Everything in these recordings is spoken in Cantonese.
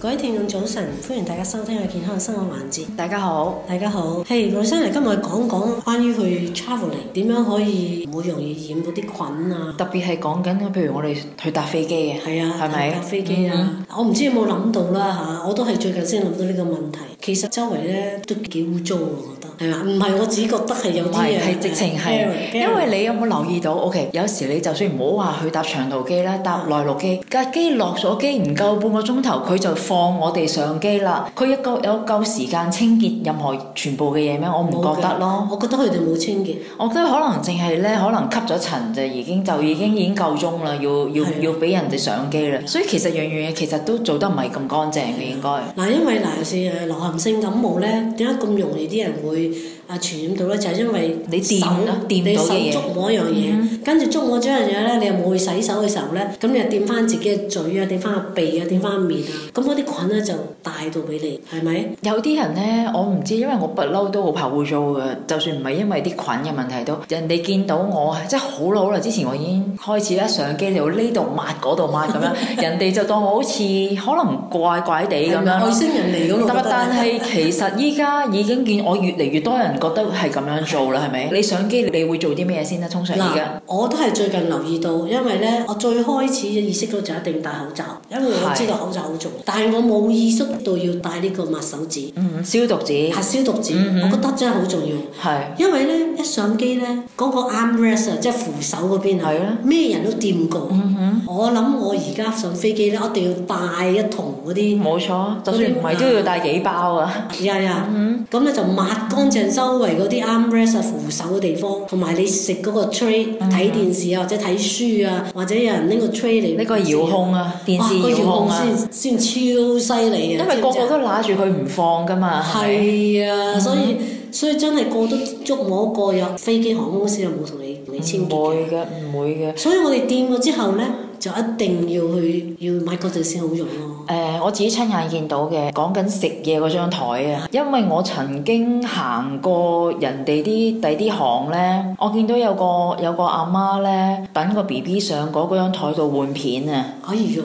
各位聽眾早晨，歡迎大家收聽《我嘅健康生活環節》。大家好，大家好，係羅生今日講講關於去 traveling 點樣可以唔會容易染到啲菌啊！特別係講緊，譬如我哋去搭飛機嘅，係啊，係咪搭飛機、嗯嗯、啊？我唔知你有冇諗到啦吓，我都係最近先諗到呢個問題。其實周圍咧都幾污糟，我覺得係嘛？唔係我只覺得係有啲嘢。係直情係， 因為你有冇留意到 ？OK，有時你就算唔好話去搭長途機啦，搭內陸機架機落咗機唔夠半個鐘頭，佢就放我哋上機啦。佢一夠有夠時間清潔任何全部嘅嘢咩？我唔覺得咯。我覺得佢哋冇清潔。我覺得可能淨係咧，可能吸咗塵就已經就已經已經夠鐘啦，要要的要俾人哋上機啦。所以其實樣樣嘢其實都做得唔係咁乾淨嘅，應該嗱，因為嗱是慢性感冒咧，點解咁容易啲人會？啊！傳染到咧，就係因為手你，啊、你手掂到嘅嘢，跟住、嗯、捉我嗰張嘢咧，你又冇去洗手嘅時候咧，咁你又掂翻自己嘅嘴啊，掂翻個鼻啊，掂翻面啊，咁嗰啲菌咧就帶到俾你，係咪？有啲人咧，我唔知，因為我不嬲都好怕污糟嘅，就算唔係因為啲菌嘅問題都，人哋見到我，即係好老啦。之前我已經開始咧，上機嚟到呢度抹嗰度抹咁樣， 人哋就當我好似可能怪怪地咁樣。外星人嚟咁咯？但係其實依家已經見我越嚟越多人。覺得係咁樣做啦，係咪的？你上機你會做啲咩先得？通常而家我都係最近留意到，因為呢，我最開始意識到就一定戴口罩，因為我知道口罩好重要。的但係我冇意識到要戴呢個抹手紙，嗯嗯消毒紙係消毒紙，嗯嗯我覺得真係好重要，係的因為呢，一上機呢，嗰、那個 armrest 即係扶手嗰邊，係咩的人都掂過。嗯嗯我諗我而家上飛機咧，一定要帶一桶嗰啲，冇錯，就算唔係都要帶幾包啊，日日，咁咧就抹乾淨周圍嗰啲 armrest 扶手嘅地方，同埋你食嗰個 tray，睇電視啊，或者睇書啊，或者有人拎個 tray 嚟，呢個遙控啊，電視遙控啊，先超犀利啊！因為個個都揦住佢唔放噶嘛，係啊，所以所以真係過得足我一過入飛機，航空公司又冇同你你清潔嘅，唔會嘅，唔會嘅，所以我哋掂咗之後咧。.就一定要去要去買嗰種先好用咯。哦。誒、呃，我自己親眼見到嘅，講緊食嘢嗰張台啊，因為我曾經過行過人哋啲第啲行咧，我見到有個有個阿媽咧，等個 B B 上嗰張台度換片啊。可以喎，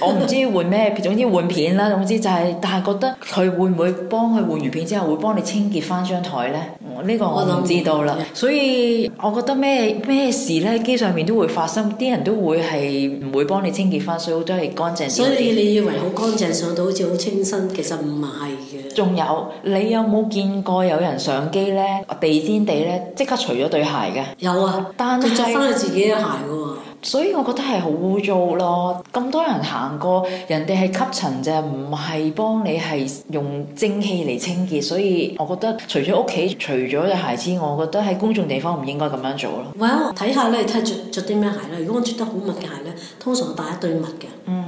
我唔知換咩，總之換片啦。總之就係、是，但係覺得佢會唔會幫佢換完片之後，會幫你清潔翻張台咧？呢個我都知道啦，所以我覺得咩咩事咧，機上面都會發生，啲人都會係唔會幫你清潔翻，所以都係乾淨。所以你以為好乾淨上到好似好清新，其實唔係嘅。仲有，你有冇見過有人上機咧地氈地咧，即刻除咗對鞋嘅？有啊，但係着翻你自己嘅鞋嘅喎。所以我覺得係好污糟咯，咁多人行過，人哋係吸塵啫，唔係幫你係用蒸汽嚟清潔。所以我覺得除，除咗屋企，除咗隻鞋之外，我覺得喺公眾地方唔應該咁樣做咯。Well，睇下咧，睇着著啲咩鞋咧。如果我着得好密嘅鞋咧，通常帶一對襪嘅。嗯。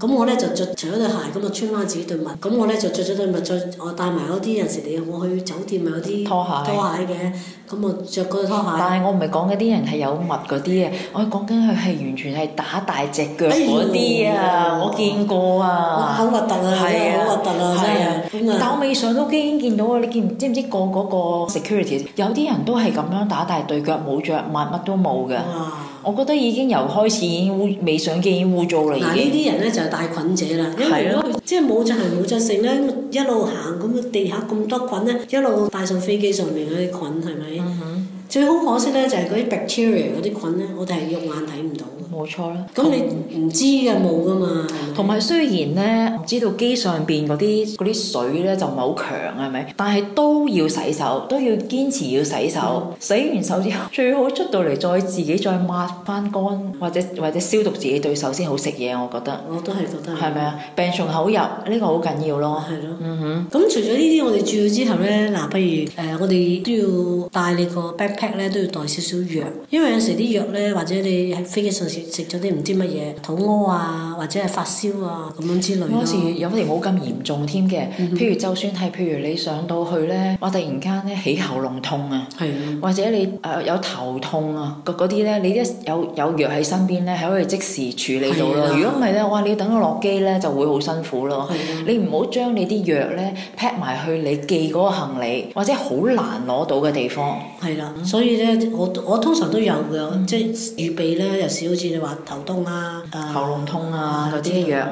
咁我咧就着除咗對鞋，咁啊穿翻自己對襪。咁我咧就着咗對襪，再我戴埋嗰啲，有時你有冇去酒店咪有啲拖鞋？拖鞋嘅，咁啊着嗰對拖鞋。拖鞋，但係我唔係講嗰啲人係有襪嗰啲啊，我講緊佢係完全係打大隻腳嗰啲啊，哎、呦我見過啊，好核突啊，真係好核突啊，啊真係。但我未上到機已經見到啊，你見知唔知個嗰個 security 有啲人都係咁樣打大對腳，冇着襪，乜都冇㗎。啊我覺得已經由開始已經污，未上機已經污糟啦，嗱，呢啲人咧就係、是、帶菌者啦，因為如果佢，的即係冇盡係冇盡性咧，一路行咁啊，地下咁多菌咧，一路帶上飛機上面嗰啲菌係咪？是是嗯、哼最好可惜咧就係、是、嗰啲 bacteria 嗰啲菌咧，我哋係肉眼睇唔到。冇錯啦，咁那你唔還有 知嘅冇噶嘛。同埋雖然呢，唔知道機上面嗰啲啲水呢就唔係好強啊，係咪？但係都要洗手，都要堅持要洗手。嗯、洗完手之後，最好出到嚟再自己再抹翻乾，或者或者消毒自己對手先好食嘢。我覺得，嗯、我都係覺得，係咪啊？病從口入，呢、這個好緊要咯。係咯的，嗯哼。咁除咗呢啲，我哋住咗之後呢，嗱、嗯，不如誒、呃，我哋都要帶你個 backpack 咧，都要帶少少藥，因為有時啲藥呢，或者你喺飛機上，上食咗啲唔知乜嘢，肚屙啊，或者係發燒啊咁樣之類咯。嗰時有時冇咁嚴重添嘅，嗯、哼譬如就算係，譬如你上到去呢，我突然間呢起喉嚨痛啊，的或者你誒、啊、有頭痛啊嗰啲呢，你一有有藥喺身邊呢，係可以即時處理到咯、啊。如果唔係咧，哇！你要等我落機呢，就會好辛苦咯。的你唔好將你啲藥呢劈埋去你寄嗰個行李，或者好難攞到嘅地方。係啦的，所以呢，我我通常都有嘅，即係預備呢，有時好似。 你話頭痛啊，喉嚨痛啊嗰啲、啊、藥，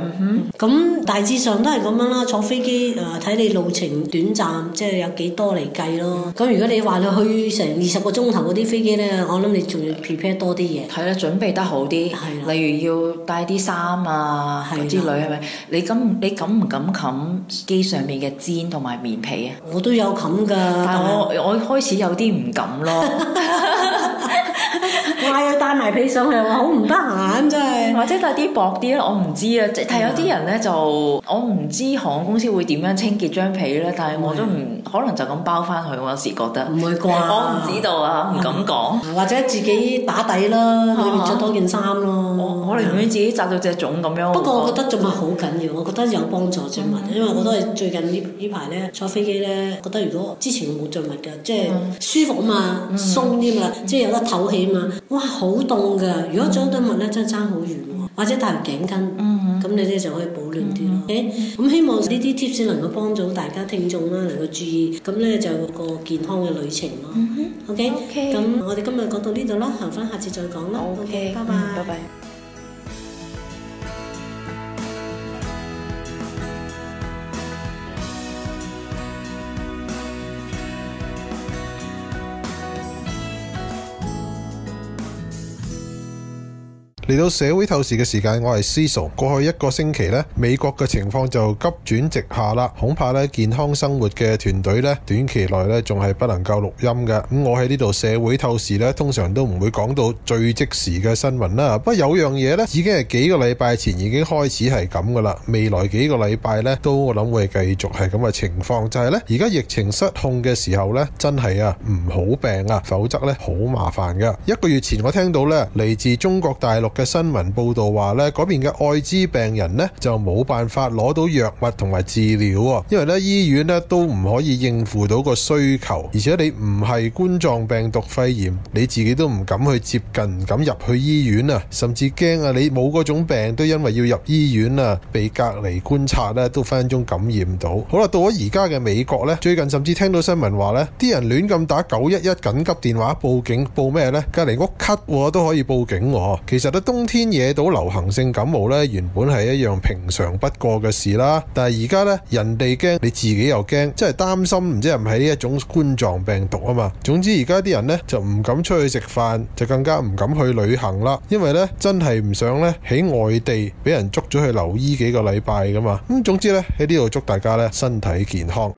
咁、嗯、大致上都係咁樣啦。坐飛機誒，睇、呃、你路程短暫，即、就、係、是、有幾多嚟計咯。咁、嗯、如果你話你去成二十個鐘頭嗰啲飛機咧，我諗你仲要 prepare 多啲嘢。係啦，準備得好啲，了例如要帶啲衫啊了之類，係咪？你敢你敢唔敢冚機上面嘅氈同埋棉被啊？嗯、我都有冚㗎，但我我開始有啲唔敢咯。帶埋被上去，話好唔得閒，真係或者戴啲薄啲咯，我唔知啊。即係有啲人咧就我唔知航空公司會點樣清潔張被咧，但係我都唔可能就咁包翻佢。我有時覺得唔會啩，我唔知道啊，唔敢講。或者自己打底啦，裏面着多件衫咯。我可能自己紮到隻粽咁樣。不過我覺得墜物好緊要，我覺得有幫助墜物，因為我都係最近呢呢排咧坐飛機咧，覺得如果之前冇墜物嘅，即係舒服啊嘛，鬆啲嘛，即係有得透氣啊嘛，哇好～好凍噶，如果着對襪咧真係爭好遠喎，或者戴條頸巾，咁、嗯、哼你咧就可以保暖啲咯。咁希望呢啲貼士能夠幫助大家聽眾啦，能夠注意，咁咧就個健康嘅旅程，okay? 嗯 okay，咯。O K，咁我哋今日講到呢度啦，行翻下次再講啦。O K，拜拜。嗯 bye bye 嚟到社會透視嘅時間，我係思聰。過去一個星期呢，美國嘅情況就急轉直下啦。恐怕呢，健康生活嘅團隊呢，短期內呢，仲係不能夠錄音嘅。咁、嗯、我喺呢度社會透視呢，通常都唔會講到最即時嘅新聞啦。不過有樣嘢呢，已經係幾個禮拜前已經開始係咁噶啦。未來幾個禮拜呢，都我諗會繼續係咁嘅情況。就係、是、呢，而家疫情失控嘅時候呢，真係啊唔好病啊，否則呢好麻煩噶。一個月前我聽到呢，嚟自中國大陸嘅新聞報導話咧，嗰邊嘅愛滋病人呢就冇辦法攞到藥物同埋治療喎，因為咧醫院咧都唔可以應付到個需求，而且你唔係冠狀病毒肺炎，你自己都唔敢去接近，唔敢入去醫院啊，甚至驚啊，你冇嗰種病都因為要入醫院啊，被隔離觀察咧都分分鐘感染到。好啦，到咗而家嘅美國呢，最近甚至聽到新聞話呢啲人亂咁打九一一緊急電話報警，報咩呢？隔離屋咳都可以報警喎，其實咧～冬天惹到流行性感冒咧，原本係一樣平常不過嘅事啦。但係而家咧，人哋驚，你自己又驚，即係擔心唔知係唔係呢一種冠狀病毒啊嘛。總之而家啲人咧就唔敢出去食飯，就更加唔敢去旅行啦。因為咧真係唔想咧喺外地俾人捉咗去留醫幾個禮拜噶嘛。咁總之咧喺呢度祝大家咧身體健康。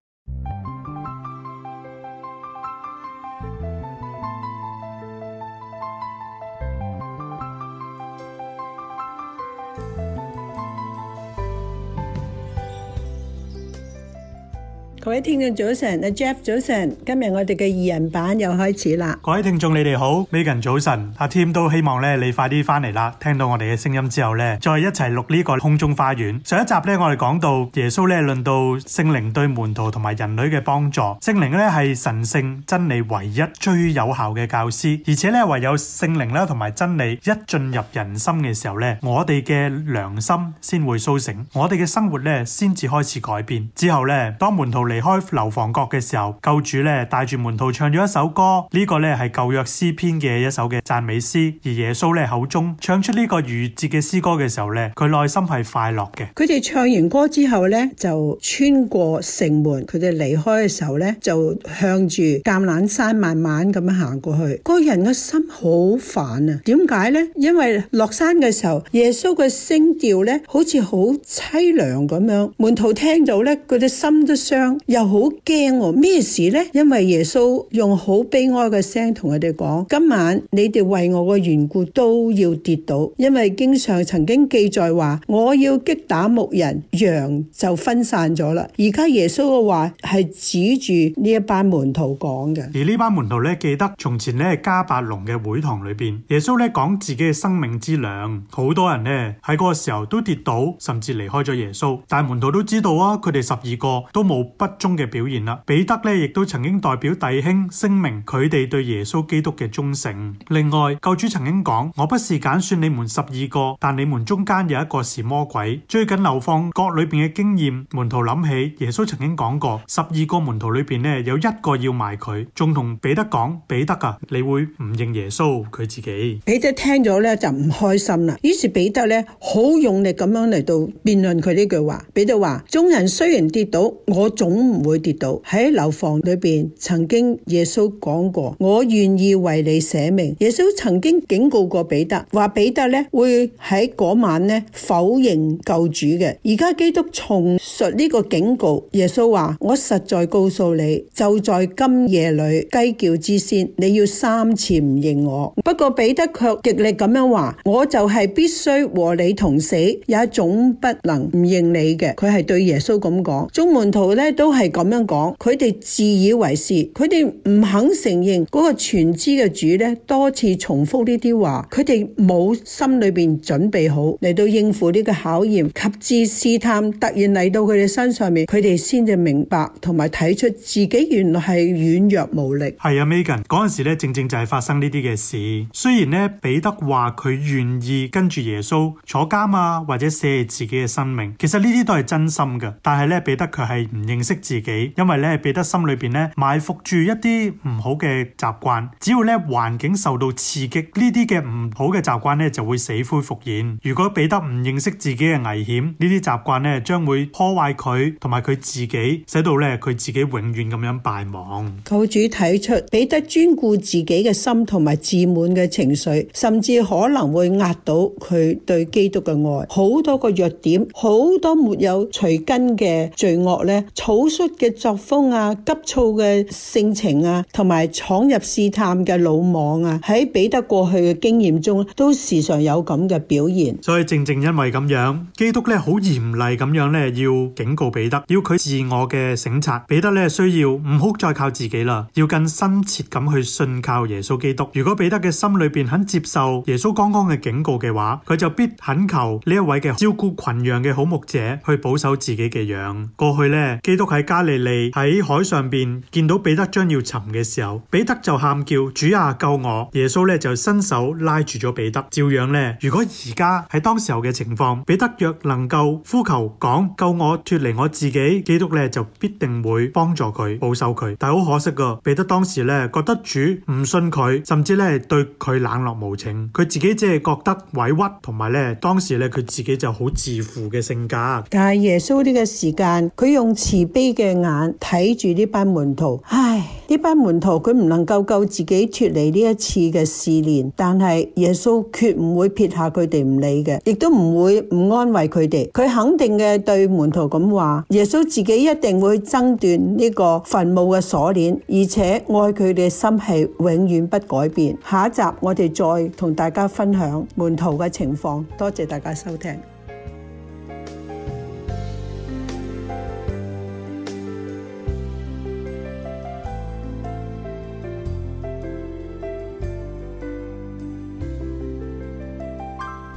各位聽眾早晨，阿 Jeff 早晨，今日我哋嘅二人版又開始啦。各位聽眾你哋好，Megan 早晨，阿 Tim 都希望咧你快啲翻嚟啦。聽到我哋嘅聲音之後咧，再一齊錄呢個空中花園。上一集咧，我哋講到耶穌咧論到聖靈對門徒同埋人類嘅幫助，聖靈咧係神聖真理唯一最有效嘅教師，而且咧唯有聖靈咧同埋真理一進入人心嘅時候咧，我哋嘅良心先會蘇醒，我哋嘅生活咧先至開始改變。之後咧，當門徒嚟開樓房角嘅時候，救主咧帶住門徒唱咗一首歌，這個、呢個咧係舊約詩篇嘅一首嘅讚美詩。而耶穌咧口中唱出呢個逾節嘅詩歌嘅時候咧，佢內心係快樂嘅。佢哋唱完歌之後咧，就穿過城門。佢哋離開嘅時候咧，就向住橄欖山慢慢咁樣行過去。嗰、那個、人嘅心好煩啊！點解咧？因為落山嘅時候，耶穌嘅聲調咧好似好淒涼咁樣。門徒聽到咧，佢哋心都傷又好驚哦！咩事呢？因為耶穌用好悲哀嘅聲同佢哋講：今晚你哋為我嘅緣故都要跌倒，因為經上曾經記載話：我要擊打牧人，羊就分散咗啦。而家耶穌嘅話係指住呢一班門徒講嘅。而呢班門徒咧記得從前咧迦百農嘅會堂裏邊，耶穌咧講自己嘅生命之糧，好多人呢喺嗰個時候都跌倒，甚至離開咗耶穌。但門徒都知道啊，佢哋十二個都冇不。中嘅表現啦，彼得呢亦都曾經代表弟兄聲明佢哋對耶穌基督嘅忠誠。另外，救主曾經講：我不是揀選你們十二個，但你們中間有一個是魔鬼。最近流放角裏邊嘅經驗，門徒諗起耶穌曾經講過，十二個門徒裏邊呢有一個要賣佢，仲同彼得講：彼得啊，你會唔認耶穌佢自己？彼得聽咗咧就唔開心啦，於是彼得咧好用力咁樣嚟到辯論佢呢句話。彼得話：眾人雖然跌倒，我總唔會跌倒。喺樓房裏邊，曾經耶穌講過，我願意為你捨命。耶穌曾經警告過彼得，話彼得咧會喺嗰晚咧否認救主嘅。而家基督重述呢個警告，耶穌話：我實在告訴你，就在今夜裏雞叫之先，你要三次唔認我。不過彼得卻極力咁樣話：我就係必須和你同死，也總不能唔認你嘅。佢係對耶穌咁講，眾門徒咧都係。係咁樣講，佢哋自以為是，佢哋唔肯承認嗰個全知嘅主呢，多次重複呢啲話，佢哋冇心裏邊準備好嚟到應付呢個考驗及至試探，突然嚟到佢哋身上面，佢哋先至明白同埋睇出自己原來係軟弱無力。係啊，Megan 嗰陣時咧，正正就係發生呢啲嘅事。雖然呢，彼得話佢願意跟住耶穌坐監啊，或者捨棄自己嘅生命，其實呢啲都係真心嘅。但係咧彼得佢係唔認識。自己，因為咧彼得心裏邊咧埋伏住一啲唔好嘅習慣，只要咧環境受到刺激，呢啲嘅唔好嘅習慣咧就會死灰復燃。如果彼得唔認識自己嘅危險，呢啲習慣咧將會破壞佢同埋佢自己，使到咧佢自己永遠咁樣敗亡。教主睇出彼得專顧自己嘅心同埋自滿嘅情緒，甚至可能會壓倒佢對基督嘅愛。好多個弱點，好多沒有除根嘅罪惡咧，草。嘅作風啊，急躁嘅性情啊，同埋闖入試探嘅魯莽啊，喺彼得過去嘅經驗中都時常有咁嘅表現。所以正正因為咁樣，基督咧好嚴厲咁樣咧，要警告彼得，要佢自我嘅省察。彼得咧需要唔好再靠自己啦，要更深切咁去信靠耶穌基督。如果彼得嘅心裏邊肯接受耶穌剛剛嘅警告嘅話，佢就必懇求呢一位嘅照顧群羊嘅好牧者去保守自己嘅羊。過去咧，基督喺加利利喺海上邊見到彼得將要沉嘅時候，彼得就喊叫：主啊，救我！耶穌咧就伸手拉住咗彼得。照樣咧，如果而家喺當時候嘅情況，彼得若能夠呼求講救我脱離我自己，基督咧就必定會幫助佢保守佢。但係好可惜噶，彼得當時咧覺得主唔信佢，甚至咧對佢冷落無情。佢自己只係覺得委屈，同埋咧當時咧佢自己就好自負嘅性格。但係耶穌呢個時間，佢用慈悲。嘅眼睇住呢班門徒，唉，呢班門徒佢唔能夠救自己脫離呢一次嘅試煉，但係耶穌決唔會撇下佢哋唔理嘅，亦都唔會唔安慰佢哋。佢肯定嘅對門徒咁話，耶穌自己一定會爭斷呢個墳墓嘅鎖鏈，而且愛佢哋心係永遠不改變。下一集我哋再同大家分享門徒嘅情況。多謝大家收聽。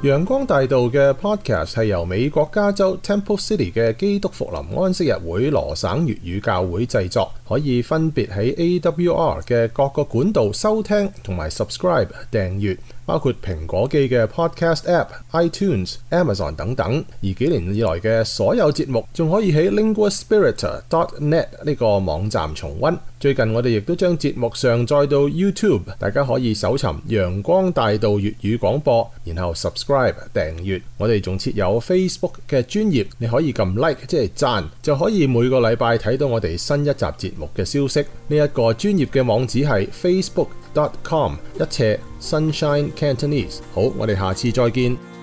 陽光大道嘅 podcast 係由美國加州 Temple City 嘅基督復臨安息日會羅省粵語教會製作，可以分別喺 AWR 嘅各個管道收聽同埋 subscribe 訂閱，包括蘋果機嘅 podcast app、iTunes、Amazon 等等。而幾年以來嘅所有節目仲可以喺 linguaspiritor.net 呢個網站重溫。最近我哋亦都將節目上載到 YouTube，大家可以搜尋陽光大道粵語廣播，然後 subscribe 訂閱。我哋仲設有 Facebook 嘅專頁，你可以撳 like 即係讚，就可以每個禮拜睇到我哋新一集節目嘅消息。呢、這、一個專頁嘅網址係 facebook.com 一斜 Sunshine Cantonese。好，我哋下次再見。